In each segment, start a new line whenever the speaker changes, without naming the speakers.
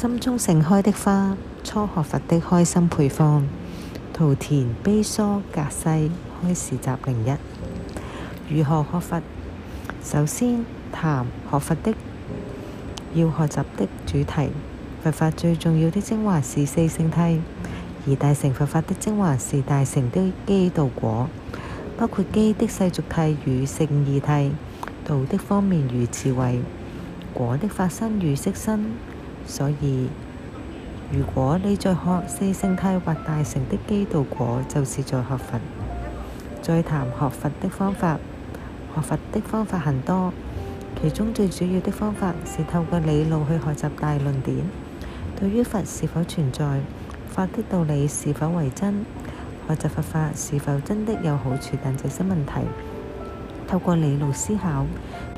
心中盛開的花，初學佛的開心配方。圖田悲疏格西開示集零一，如何學佛？首先談學佛的要學習的主題。佛法最重要的精華是四聖諦，而大乘佛法的精華是大乘的基道果，包括基的世俗諦與勝義諦，道的方面如智慧，果的發生與色身。所以，如果你在學四聖諦或大乘的基道果，就是在學佛。再談學佛的方法，學佛的方法很多，其中最主要的方法是透過理路去學習大論點，對於佛是否存在、法的道理是否為真、學習佛法是否真的有好處等這些問題，透過理路思考、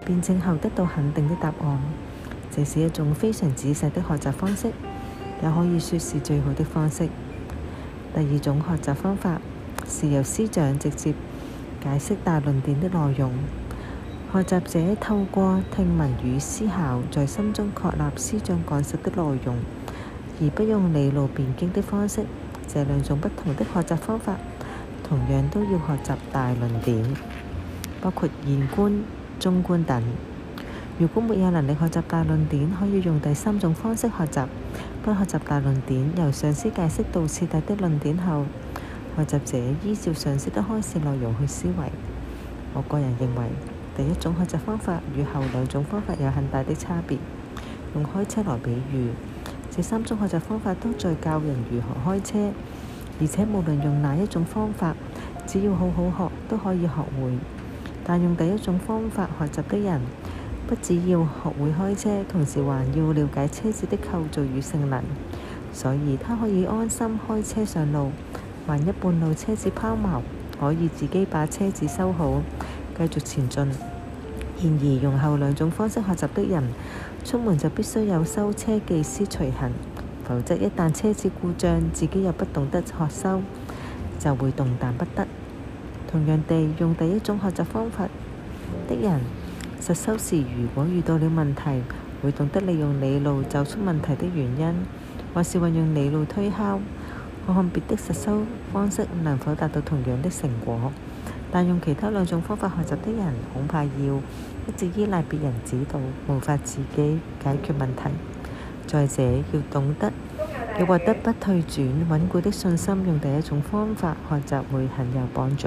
辯證後得到肯定的答案。這是一種非常仔細的學習方式，也可以說是最好的方式。第二種學習方法是由師長直接解釋大論點的內容，學習者透過聽聞與思考，在心中確立師長講述的內容，而不用理路辯經的方式。這兩種不同的學習方法，同樣都要學習大論點，包括現觀、中觀等。如果沒有能力學習大論典，可以用第三種方式學習。不學習大論典，由上師解釋到次第的論典後，學習者依照上師的開示內容去思維。我個人認為，第一種學習方法與後兩種方法有很大的差別。用開車來比喻，這三種學習方法都在教人如何開車，而且無論用哪一種方法，只要好好學都可以學會。但用第一種方法學習的人，不只要學會開車，同時還要了解車子的構造與性能，所以他可以安心開車上路。還一半路車子拋錨，可以自己把車子修好，繼續前進。然而用後兩種方式學習的人，出門就必須有修車技師隨行，否則一旦車子故障，自己又不懂得學修，就會動彈不得。同樣地，用第一種學習方法的人。實修時，如果遇到了問題，會懂得利用理路走出問題的原因，或是運用理路推敲，看看別的實修方式能否達到同樣的成果。但用其他兩種方法學習的人，恐怕要一直依賴別人指導，無法自己解決問題。再者，要懂得要獲得不退轉、穩固的信心，用第一種方法學習會很有幫助。